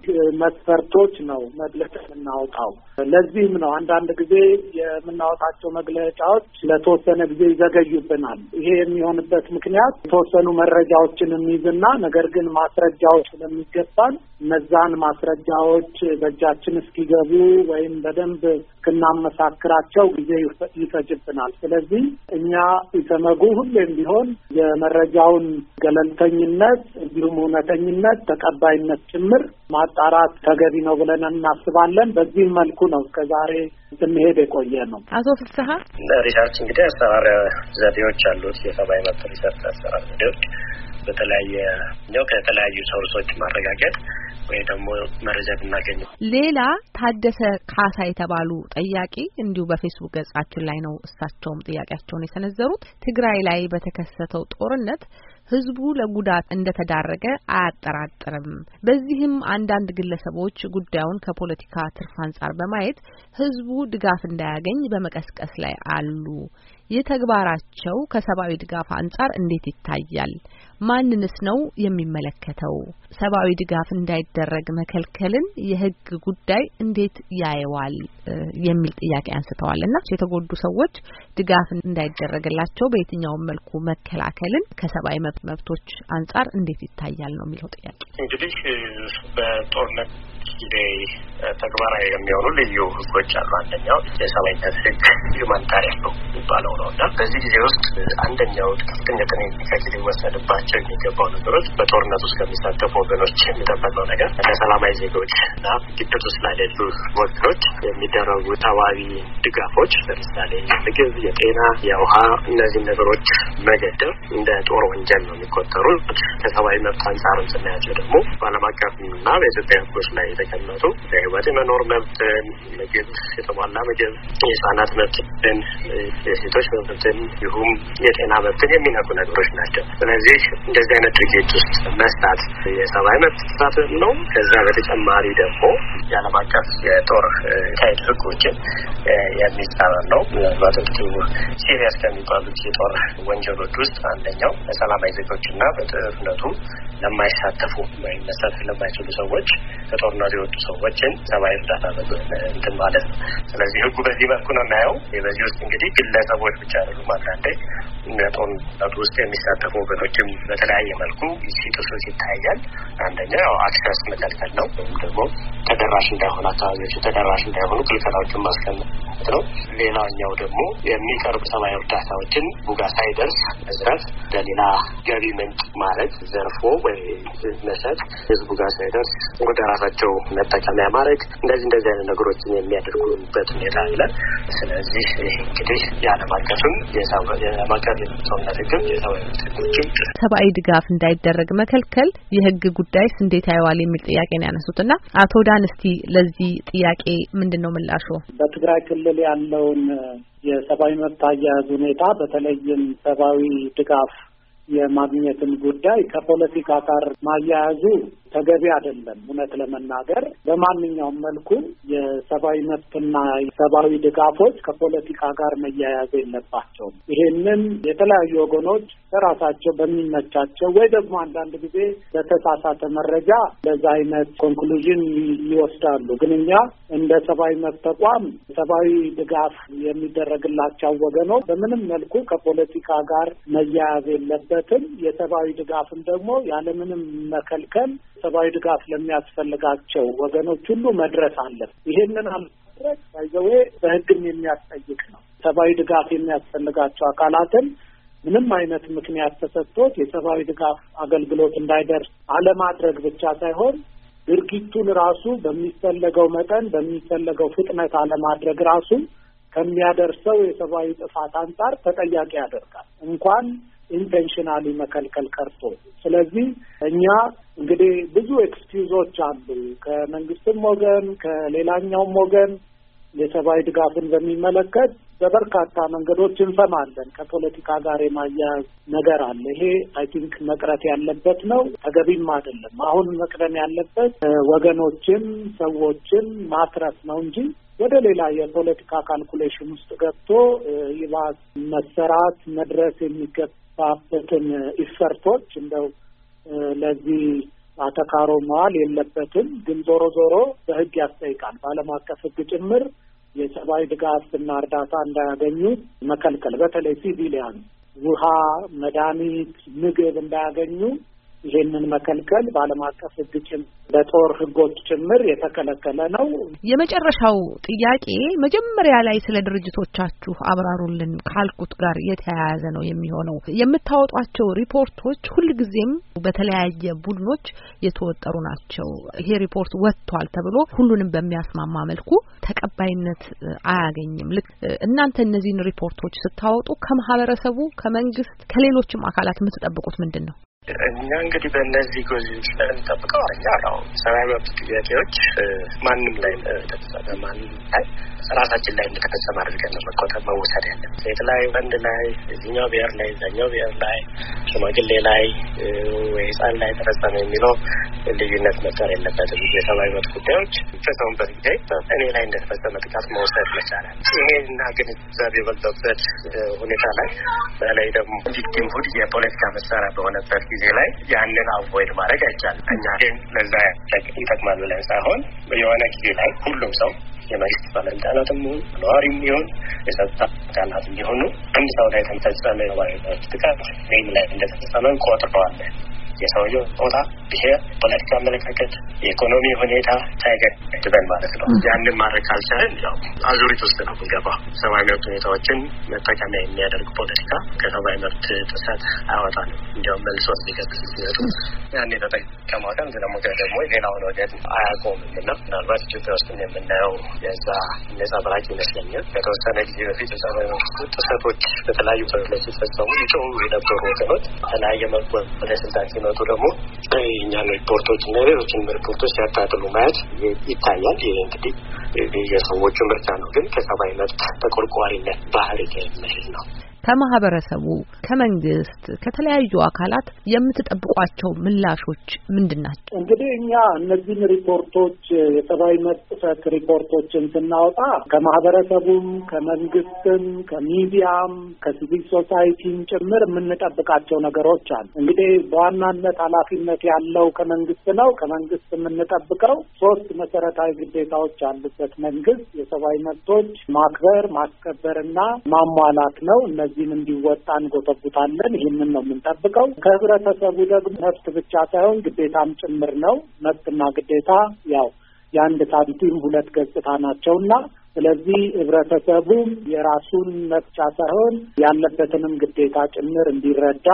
መስፈርቶች ነው መግለጫ የምናወጣው። ለዚህም ነው አንዳንድ ጊዜ የምናወጣቸው መግለጫዎች ለተወሰነ ጊዜ ይዘገዩብናል። ይሄ የሚሆንበት ምክንያት የተወሰኑ መረጃዎችን የሚይዝና ነገር ግን ማስረጃዎች ስለሚገባን እነዛን ማስረጃዎች በእጃችን እስኪገቡ ወይም በደንብ እስክናመሳክራቸው ጊዜ ይፈጅብናል። ስለዚህ እኛ ኢሰመጉ ሁሌም ቢሆን የመረጃውን ገለልተኝነት እንዲሁም እውነተኝነት ተቀባይነት ጭምር ማጣራት ተገቢ ነው ብለን እናስባለን። በዚህም መልኩ ነው እስከ ዛሬ ስንሄድ የቆየ ነው። አቶ ፍስሀ ሪሰርች እንግዲህ አሰራር ዘዴዎች አሉት። የሰብአዊ መብት ሪሰርች አሰራር ዘዴዎች በተለያየ ው ከተለያዩ ሶርሶች ማረጋገጥ ወይ ደግሞ መረጃ ብናገኘው። ሌላ ታደሰ ካሳ የተባሉ ጠያቂ እንዲሁ በፌስቡክ ገጻችን ላይ ነው እሳቸውም ጥያቄያቸውን የሰነዘሩት ትግራይ ላይ በተከሰተው ጦርነት ህዝቡ ለጉዳት እንደተዳረገ አያጠራጥርም። በዚህም አንዳንድ ግለሰቦች ጉዳዩን ከፖለቲካ ትርፍ አንጻር በማየት ህዝቡ ድጋፍ እንዳያገኝ በመቀስቀስ ላይ አሉ። ይህ ተግባራቸው ከሰብአዊ ድጋፍ አንጻር እንዴት ይታያል? ማንንስ ነው የሚመለከተው? ሰብአዊ ድጋፍ እንዳይደረግ መከልከልን የህግ ጉዳይ እንዴት ያየዋል? የሚል ጥያቄ አንስተዋል እና የተጎዱ ሰዎች ድጋፍ እንዳይደረግላቸው በየትኛውም መልኩ መከላከልን ከሰብአዊ መብቶች አንጻር እንዴት ይታያል ነው የሚለው ጥያቄ እንግዲህ በጦርነት ተግባራዊ የሚሆኑ ልዩ ህጎች አሉ። አንደኛው የሰብአዊነት ህግ ሂውማኒታሪያን ነው የሚባለው ነው እና በዚህ ጊዜ ውስጥ አንደኛው ከፍተኛ ጥንቃቄ ሊወሰድባቸው የሚገባው ነገሮች በጦርነት ውስጥ ከሚሳተፉ ወገኖች የሚጠበቀው ነገር ለሰላማዊ ዜጎች እና ግጭት ውስጥ ላሉ ወገኖች የሚደረጉ ተባቢ ድጋፎች፣ ለምሳሌ የምግብ፣ የጤና፣ የውሃ እነዚህ ነገሮች መገደብ እንደ ጦር ወንጀል ነው የሚቆጠሩት። ከሰብአዊ መብት አንጻርም ስናያቸው ደግሞ በዓለም አቀፍ እና በኢትዮጵያ ሕጎች ላይ የተቀመጡ በህይወት የመኖር መብትን፣ ምግብ፣ የተሟላ ምግብ፣ የህጻናት መብትን፣ የሴቶች መብትን ይሁም የጤና መብትን የሚነኩ ነገሮች ናቸው። ስለዚህ እንደዚህ አይነት ድርጊት ውስጥ መስጣት የሰብአዊ መብት ጥሰት ነው። ከዛ በተጨማሪ ደግሞ የዓለም አቀፍ የጦር ካሄድ ሕጎችን የሚጻረር ነው። በጥቅቱ ሲሪያስ ከሚባሉት የጦር ወንጀሎች ውስጥ አንደኛው በሰላማዊ ዜጎችና በጥፍ ጦርነቱ ለማይሳተፉ ወይም መሳተፍ ለማይችሉ ሰዎች ከጦርነቱ የወጡ ሰዎችን ሰብአዊ እርዳታ እንትን ማለት ነው። ስለዚህ ህጉ በዚህ መልኩ ነው እናየው። በዚህ ውስጥ እንግዲህ ግለሰቦች ብቻ አይደሉም። አንዳንዴ ጦም ውስጥ የሚሳተፉ ወገኖችም በተለያየ መልኩ ሲጥሱ ይታያል። አንደኛው አክሰስ መከልከል ነው፣ ወይም ደግሞ ተደራሽ እንዳይሆኑ አካባቢዎች ተደራሽ እንዳይሆኑ ክልከላዎችን ማስቀመጥ ነው። ሌላኛው ደግሞ የሚቀርቡ ሰብአዊ እርዳታዎችን ቡጋ ሳይደርስ መዝረፍ፣ ለሌላ ገቢ ምንጭ ማለት ዘርፎ ወይ መሰጥ፣ ህዝቡ ጋር ሳይደርስ ወደ ራሳቸው መጠቀሚያ ማድረግ፣ እንደዚህ እንደዚህ አይነት ነገሮችን የሚያደርጉበት ሁኔታ አለ። ስለዚህ ይህ እንግዲህ የዓለም አቀፍም የዓለም አቀፍ ሰውነት ህግም የሰብአዊ መብት ህጎችም ሰብአዊ ድጋፍ እንዳይደረግ መከልከል የህግ ጉዳይስ እንዴት ያየዋል የሚል ጥያቄ ነው ያነሱት እና አቶ ዳን እስቲ ለዚህ ጥያቄ ምንድን ነው ምላሹ? በትግራይ ክልል ያለውን የሰብአዊ መብት አያያዝ ሁኔታ በተለይም ሰብአዊ ድጋፍ የማግኘትን ጉዳይ ከፖለቲካ ጋር ማያያዙ ተገቢ አይደለም። እውነት ለመናገር በማንኛውም መልኩ የሰብአዊ መብትና የሰብአዊ ድጋፎች ከፖለቲካ ጋር መያያዝ የለባቸውም። ይሄንን የተለያዩ ወገኖች በራሳቸው በሚመቻቸው ወይ ደግሞ አንዳንድ ጊዜ በተሳሳተ መረጃ ለዛ አይነት ኮንክሉዥን ይወስዳሉ። ግን እኛ እንደ ሰብአዊ መብት ተቋም ሰብአዊ ድጋፍ የሚደረግላቸው ወገኖች በምንም መልኩ ከፖለቲካ ጋር መያያዝ የለበትም። የሰብአዊ ድጋፍም ደግሞ ያለምንም መከልከል ሰብአዊ ድጋፍ ለሚያስፈልጋቸው ወገኖች ሁሉ መድረስ አለን። ይሄንን አለማድረግ ባይዘዌ በህግም የሚያስጠይቅ ነው። ሰብአዊ ድጋፍ የሚያስፈልጋቸው አካላትን ምንም አይነት ምክንያት ተሰጥቶት የሰብአዊ ድጋፍ አገልግሎት እንዳይደርስ አለማድረግ ብቻ ሳይሆን ድርጊቱን ራሱ በሚፈለገው መጠን በሚፈለገው ፍጥነት አለማድረግ ራሱ ከሚያደርሰው የሰብአዊ ጥፋት አንጻር ተጠያቂ ያደርጋል እንኳን ኢንቴንሽናሊ መከልከል ቀርቶ። ስለዚህ እኛ እንግዲህ ብዙ ኤክስኪውዞች አሉ ከመንግስትም ወገን ከሌላኛውም ወገን የሰብአዊ ድጋፍን በሚመለከት በበርካታ መንገዶች እንሰማለን። ከፖለቲካ ጋር የማያያዝ ነገር አለ። ይሄ አይ ቲንክ መቅረት ያለበት ነው፣ ተገቢም አይደለም። አሁን መቅደም ያለበት ወገኖችን፣ ሰዎችን ማትረፍ ነው እንጂ ወደ ሌላ የፖለቲካ ካልኩሌሽን ውስጥ ገብቶ ይባስ መሰራት መድረስ የሚገባ የተጻፉትን ኢፈርቶች እንደው ለዚህ አተካሮ መዋል የለበትም። ግን ዞሮ ዞሮ በህግ ያስጠይቃል። በዓለም አቀፍ ህግ ጭምር የሰብአዊ እና እርዳታ እንዳያገኙ መከልከል፣ በተለይ ሲቪሊያን ውሃ፣ መድኃኒት፣ ምግብ እንዳያገኙ ይህንን መከልከል በዓለም አቀፍ ሕግ ጭምር በጦር ሕጎች ጭምር የተከለከለ ነው። የመጨረሻው ጥያቄ መጀመሪያ ላይ ስለ ድርጅቶቻችሁ አብራሩልን ካልኩት ጋር የተያያዘ ነው የሚሆነው። የምታወጧቸው ሪፖርቶች ሁልጊዜም በተለያየ ቡድኖች የተወጠሩ ናቸው። ይሄ ሪፖርት ወጥቷል ተብሎ ሁሉንም በሚያስማማ መልኩ ተቀባይነት አያገኝም። ልክ እናንተ እነዚህን ሪፖርቶች ስታወጡ ከማህበረሰቡ፣ ከመንግስት፣ ከሌሎችም አካላት የምትጠብቁት ምንድን ነው? እኛ እንግዲህ በእነዚህ ጎዚዎች ላይ የምንጠብቀው እኛ ያው ሰብአዊ መብት ጥያቄዎች ማንም ላይ ተፈጸመ ማንም ላይ ራሳችን ላይ እንደተፈጸመ አድርገን ነው መቆጠብ መወሰድ ያለን ሴት ላይ፣ ወንድ ላይ፣ እዚኛው ብሔር ላይ፣ እዛኛው ብሔር ላይ፣ ሽማግሌ ላይ ወይ ሕፃን ላይ ተፈጸመ የሚለው ልዩነት መፍጠር የለበትም። የሰብአዊ መብት ጉዳዮች ፈጸሙበት ጊዜ እኔ ላይ እንደተፈጸመ ጥቃት መውሰድ መቻላል። ይሄ ይሄና ግንዛቤ የበዛበት ሁኔታ ላይ በተለይ ደግሞ ቪክቲም ሁድ የፖለቲካ መሳሪያ በሆነበት ጊዜ ጊዜ ላይ ያንን አቮይድ ማድረግ አይቻልም። እኛ ግን ለዛ ይጠቅማል ብለን ሳይሆን የሆነ ጊዜ ላይ ሁሉም ሰው የመንግስት ባለስልጣናትም ሆን ነዋሪም ሆን የጸጥታ አካላት የሆኑ አንድ ሰው ላይ የተፈጸመ ጥቃት ወይም ላይ እንደተፈጸመ እንቆጥረዋለን። የሰውየው ጾታ፣ ብሔር፣ ፖለቲካ አመለካከት፣ የኢኮኖሚ ሁኔታ ሳይገድበን ማለት ነው። ያንን ማድረግ ካልቻለን ያው አዙሪት ውስጥ ነው ምንገባ። ሰብአዊ መብት ሁኔታዎችን መጠቀሚያ የሚያደርግ ፖለቲካ ከሰብአዊ መብት ጥሰት አያወጣም፣ እንዲያውም መልሶ ሊገብ ምክንያቱም ያን የተጠቀመ አካል ደግሞ ሌላውን ወገን አያቆምም እና ምናልባት ኢትዮጵያ ውስጥ የምናየው የዛ ነጸብራቅ ይመስለኛል። ከተወሰነ ጊዜ በፊት የሰብአዊ መብት ጥሰቶች በተለያዩ ፈር ላይ ሲፈጸሙ ይጮሁ የነበሩ ወገኖች በተለያየ መልኩ ወደ ስልጣን ሲመ ሲመጡ ደግሞ የእኛን ሪፖርቶች እና ሌሎችን ሪፖርቶች ሲያጣጥሉ ማየት ይታያል። ይህ እንግዲህ የሰዎቹ ምርጫ ነው፣ ግን ከሰብአዊ መብት ተቆርቋሪነት ባህሪ ጋር የሚሄድ ነው። ከማህበረሰቡ፣ ከመንግስት፣ ከተለያዩ አካላት የምትጠብቋቸው ምላሾች ምንድን ናቸው? እንግዲህ እኛ እነዚህን ሪፖርቶች የሰብአዊ መብት ጥሰት ሪፖርቶችን ስናወጣ ከማህበረሰቡም፣ ከመንግስትም፣ ከሚዲያም፣ ከሲቪል ሶሳይቲም ጭምር የምንጠብቃቸው ነገሮች አሉ። እንግዲህ በዋናነት ኃላፊነት ያለው ከመንግስት ነው። ከመንግስት የምንጠብቀው ሶስት መሰረታዊ ግዴታዎች አሉበት መንግስት የሰብአዊ መብቶች ማክበር ማስከበርና ማሟላት ነው። እነዚህን እንዲወጣ እንጎተጉታለን። ይህንን ነው የምንጠብቀው። ከህብረተሰቡ ደግሞ መብት ብቻ ሳይሆን ግዴታም ጭምር ነው። መብትና ግዴታ ያው የአንድ ሳንቲም ሁለት ገጽታ ናቸውና ስለዚህ ህብረተሰቡም የራሱን መብቻ ሳይሆን ያለበትንም ግዴታ ጭምር እንዲረዳ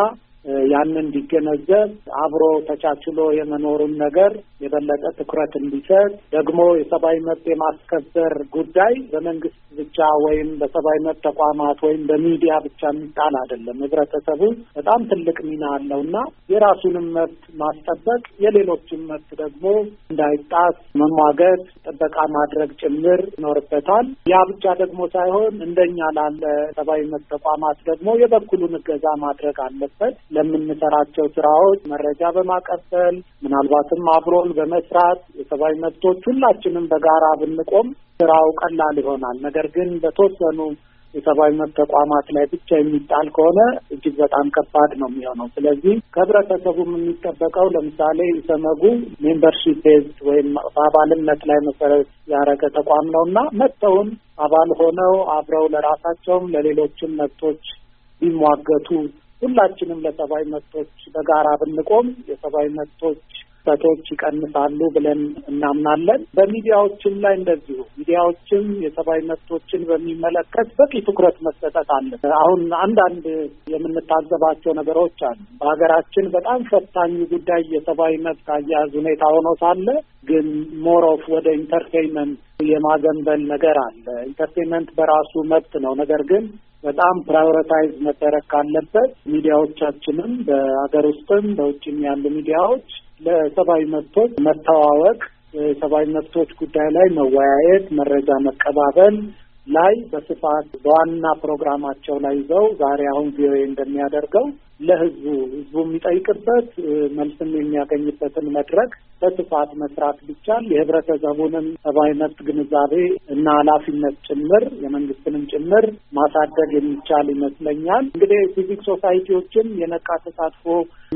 ያንን እንዲገነዘብ አብሮ ተቻችሎ የመኖሩን ነገር የበለጠ ትኩረት እንዲሰጥ ደግሞ የሰብአዊ መብት የማስከበር ጉዳይ በመንግስት ብቻ ወይም በሰብአዊ መብት ተቋማት ወይም በሚዲያ ብቻ የሚጣል አይደለም። ህብረተሰቡ በጣም ትልቅ ሚና አለው እና የራሱንም መብት ማስጠበቅ የሌሎችን መብት ደግሞ እንዳይጣስ መሟገት፣ ጥበቃ ማድረግ ጭምር ይኖርበታል። ያ ብቻ ደግሞ ሳይሆን እንደኛ ላለ ሰብአዊ መብት ተቋማት ደግሞ የበኩሉን እገዛ ማድረግ አለበት። ለምንሰራቸው ስራዎች መረጃ በማቀበል ምናልባትም አብሮን በመስራት የሰብአዊ መብቶች ሁላችንም በጋራ ብንቆም ስራው ቀላል ይሆናል። ነገር ግን በተወሰኑ የሰብአዊ መብት ተቋማት ላይ ብቻ የሚጣል ከሆነ እጅግ በጣም ከባድ ነው የሚሆነው። ስለዚህ ከህብረተሰቡም የሚጠበቀው ለምሳሌ ኢሰመጉ ሜምበርሺፕ ቤዝድ ወይም በአባልነት ላይ መሰረት ያደረገ ተቋም ነው እና መጥተውን አባል ሆነው አብረው ለራሳቸውም ለሌሎችም መብቶች ሊሟገቱ ሁላችንም ለሰብአዊ መብቶች በጋራ ብንቆም የሰብአዊ መብቶች ጥሰቶች ይቀንሳሉ ብለን እናምናለን። በሚዲያዎችም ላይ እንደዚሁ ሚዲያዎችም የሰብአዊ መብቶችን በሚመለከት በቂ ትኩረት መሰጠት አለ። አሁን አንዳንድ የምንታዘባቸው ነገሮች አሉ። በሀገራችን በጣም ፈታኙ ጉዳይ የሰብአዊ መብት አያያዝ ሁኔታ ሆኖ ሳለ ግን ሞር ኦፍ ወደ ኢንተርቴንመንት የማዘንበል ነገር አለ። ኢንተርቴንመንት በራሱ መብት ነው። ነገር ግን በጣም ፕራዮሪታይዝ መደረግ ካለበት ሚዲያዎቻችንም በሀገር ውስጥም በውጭም ያሉ ሚዲያዎች ለሰብአዊ መብቶች መተዋወቅ፣ የሰብአዊ መብቶች ጉዳይ ላይ መወያየት፣ መረጃ መቀባበል ላይ በስፋት በዋና ፕሮግራማቸው ላይ ይዘው ዛሬ አሁን ቪኦኤ እንደሚያደርገው ለህዝቡ ህዝቡ የሚጠይቅበት መልስም የሚያገኝበትን መድረክ በስፋት መስራት ቢቻል የህብረተሰቡንም ሰብአዊ መብት ግንዛቤ እና ኃላፊነት ጭምር የመንግስትንም ጭምር ማሳደግ የሚቻል ይመስለኛል። እንግዲህ ሲቪክ ሶሳይቲዎችም የነቃ ተሳትፎ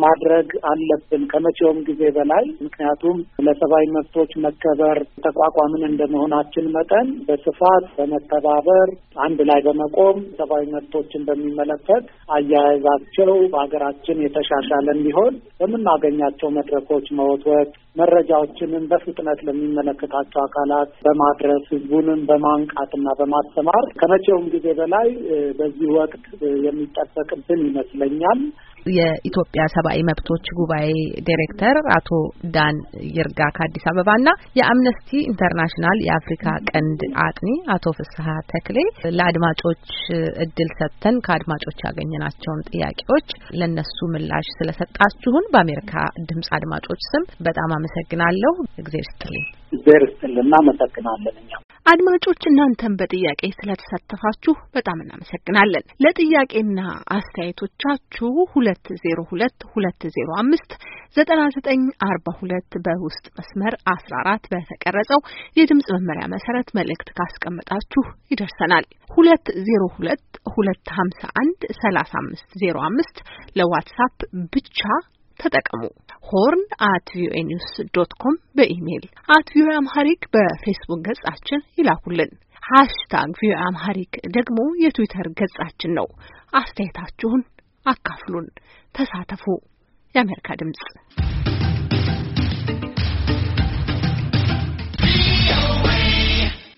ማድረግ አለብን ከመቼውም ጊዜ በላይ ምክንያቱም ለሰብአዊ መብቶች መከበር ተቋቋምን እንደመሆናችን መጠን በስፋት በመተባበር አንድ ላይ በመቆም ሰብአዊ መብቶችን በሚመለከት አያያዛቸው በሀገራችን የተሻሻለ እንዲሆን በምናገኛቸው መድረኮች መወትወት፣ መረጃዎችንም በፍጥነት ለሚመለከታቸው አካላት በማድረስ ህዝቡንም በማንቃትና በማስተማር ከመቼውም ጊዜ በላይ በዚህ ወቅት የሚጠበቅብን ይመስለኛል። የኢትዮጵያ ሰብአዊ መብቶች ጉባኤ ዲሬክተር አቶ ዳን ይርጋ ከአዲስ አበባ እና የአምነስቲ ኢንተርናሽናል የአፍሪካ ቀንድ አጥኒ አቶ ፍስሀ ተክሌ ለአድማጮች እድል ሰጥተን ከአድማጮች ያገኘናቸውን ጥያቄዎች ለነሱ ምላሽ ስለሰጣችሁን በአሜሪካ ድምጽ አድማጮች ስም በጣም አመሰግናለሁ። እግዜር ስትልኝ ዘር ስልና አመሰግናለን። እኛም አድማጮች እናንተን በጥያቄ ስለተሳተፋችሁ በጣም እናመሰግናለን። ለጥያቄና አስተያየቶቻችሁ ሁለት ዜሮ ሁለት ሁለት ዜሮ አምስት ዘጠና ዘጠኝ አርባ ሁለት በውስጥ መስመር አስራ አራት በተቀረጸው የድምጽ መመሪያ መሰረት መልእክት ካስቀመጣችሁ ይደርሰናል። ሁለት ዜሮ ሁለት ሁለት ሀምሳ አንድ ሰላሳ አምስት ዜሮ አምስት ለዋትሳፕ ብቻ ተጠቀሙ። ሆርን አት ቪኦኤ ኒውስ ዶት ኮም በኢሜይል አት ቪኦኤ አምሃሪክ በፌስቡክ ገጻችን ይላኩልን። ሃሽታግ ቪኦኤ አምሃሪክ ደግሞ የትዊተር ገጻችን ነው። አስተያየታችሁን አካፍሉን፣ ተሳተፉ። የአሜሪካ ድምጽ